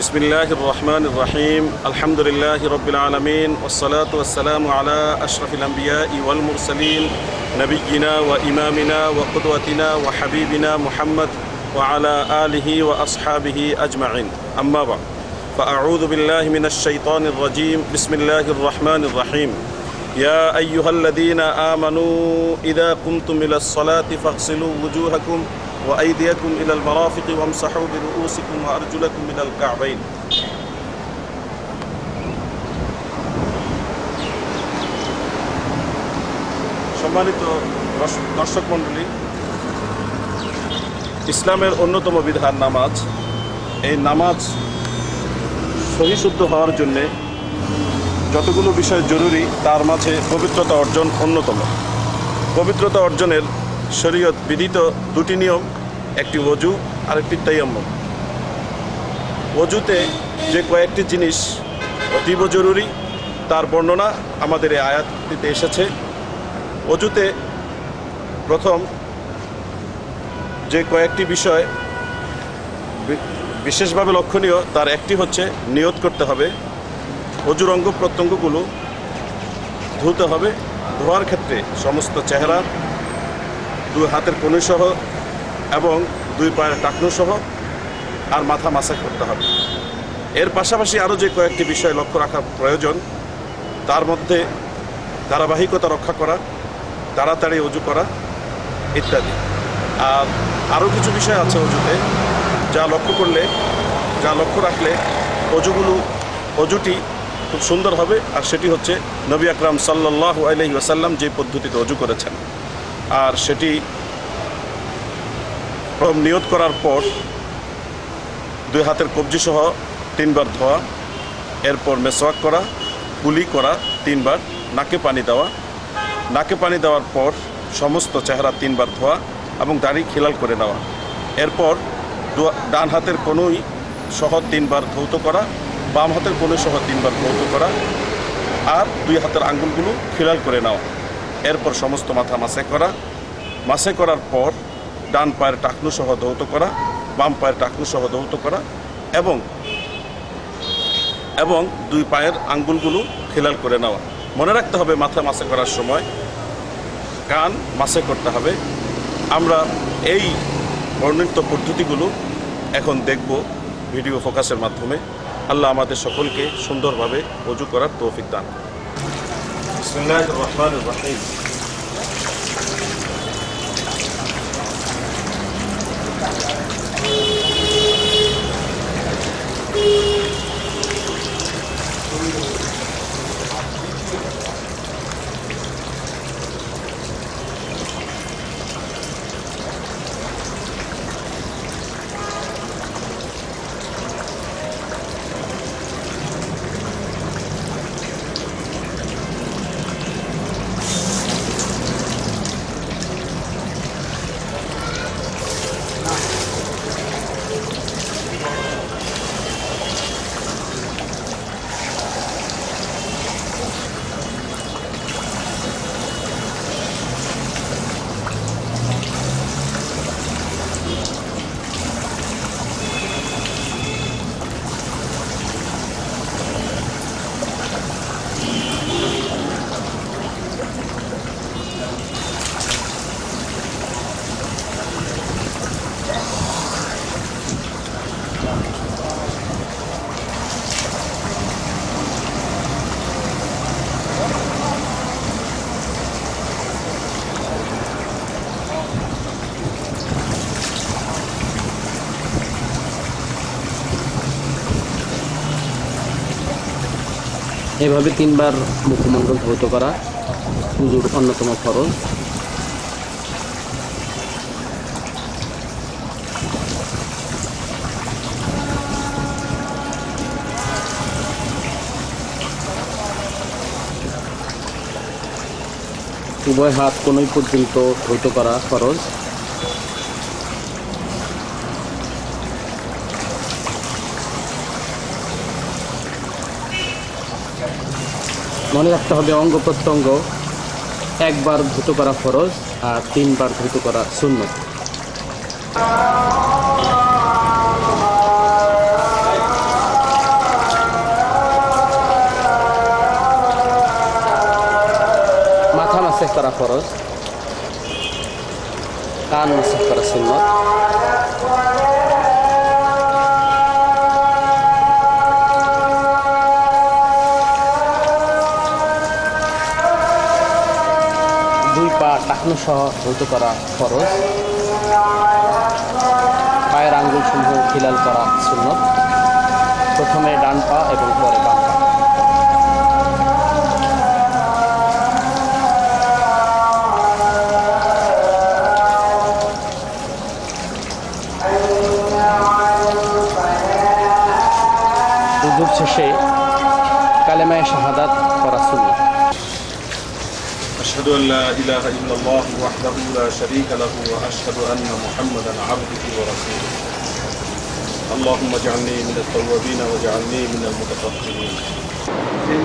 بسم الله الرحمن الرحيم الحمد لله رب العالمين والصلاة والسلام على أشرف الأنبياء والمرسلين نبينا وإمامنا وقدوتنا وحبيبنا محمد وعلى آله وأصحابه أجمعين أما بعد فأعوذ بالله من الشيطان الرجيم بسم الله الرحمن الرحيم يا أيها الذين آمنوا إذا قمتم إلى الصلاة فاغسلوا وجوهكم وأيديكم إلى المرافق وامسحوا برؤوسكم وأرجلكم إلى الكعبين সম্মানিত দর্শক মণ্ডলী ইসলামের অন্যতম বিধান নামাজ এই নামাজ সহিশুদ্ধ হওয়ার জন্যে যতগুলো বিষয় জরুরি তার মাঝে পবিত্রতা অর্জন অন্যতম পবিত্রতা অর্জনের শরীয়ত বিধিত দুটি নিয়ম একটি অজু আরেকটি তাইয়াম্মম অজুতে যে কয়েকটি জিনিস অতীব জরুরি তার বর্ণনা আমাদের এই আয়াতটিতে এসেছে অজুতে প্রথম যে কয়েকটি বিষয় বিশেষভাবে লক্ষণীয় তার একটি হচ্ছে নিয়ত করতে হবে অজুর অঙ্গ প্রত্যঙ্গগুলো ধুতে হবে ধোয়ার ক্ষেত্রে সমস্ত চেহারা দু হাতের কনুসহ এবং দুই পায়ের টাকনু সহ আর মাথা মাসা করতে হবে এর পাশাপাশি আরও যে কয়েকটি বিষয় লক্ষ্য রাখা প্রয়োজন তার মধ্যে ধারাবাহিকতা রক্ষা করা তাড়াতাড়ি অজু করা ইত্যাদি আর আরও কিছু বিষয় আছে অজুতে যা লক্ষ্য করলে যা লক্ষ্য রাখলে অজুগুলো অজুটি খুব সুন্দর হবে আর সেটি হচ্ছে নবী আকরাম সাল্লাহ আলহি আসাল্লাম যে পদ্ধতিতে অজু করেছেন আর সেটি নিয়োগ করার পর দুই হাতের কবজি সহ তিনবার ধোয়া এরপর মেসওয়াক করা কুলি করা তিনবার নাকে পানি দেওয়া নাকে পানি দেওয়ার পর সমস্ত চেহারা তিনবার ধোয়া এবং দাড়ি খিলাল করে নেওয়া এরপর ডান হাতের কোনোই সহ তিনবার ধৌত করা বাম হাতের কোনো সহ তিনবার ধৌত করা আর দুই হাতের আঙ্গুলগুলো খিলাল করে নেওয়া এরপর সমস্ত মাথা মাসে করা মাসে করার পর ডান পায়ের টাকনু সহ দৌত করা বাম পায়ের টাকনু সহ দৌত করা এবং এবং দুই পায়ের আঙ্গুলগুলো খেলাল করে নেওয়া মনে রাখতে হবে মাথা মাসে করার সময় কান মাসে করতে হবে আমরা এই বর্ণিত পদ্ধতিগুলো এখন দেখব ভিডিও ফোকাসের মাধ্যমে আল্লাহ আমাদের সকলকে সুন্দরভাবে অজু করার তৌফিক দান রহিম Beep. Beep. এভাবে তিনবার মুখমণ্ডল ধৌত করা পুজোর অন্যতম ফরজ উভয় হাত কোনোই পর্যন্ত ধৈত করা খরচ মনে রাখতে হবে অঙ্গ প্রত্যঙ্গ একবার ধুত করা ফরজ আর তিনবার ধুত করা শূন্য মাথা মাসে করা ফরজ কান মাসে করা শূন্য বা টাকলু সহ ধৌত করা খরচ পায়ের আঙ্গুল সমূহ খিলাল করা শূন্য প্রথমে ডান পা এবং পরে বাম পা শেষে কালেমায় শাহাদাত করা শুনলাম أشهد أن لا إله إلا الله وحده لا شريك له وأشهد أن محمدا عبده ورسوله اللهم اجعلني من التوابين واجعلني من المتطهرين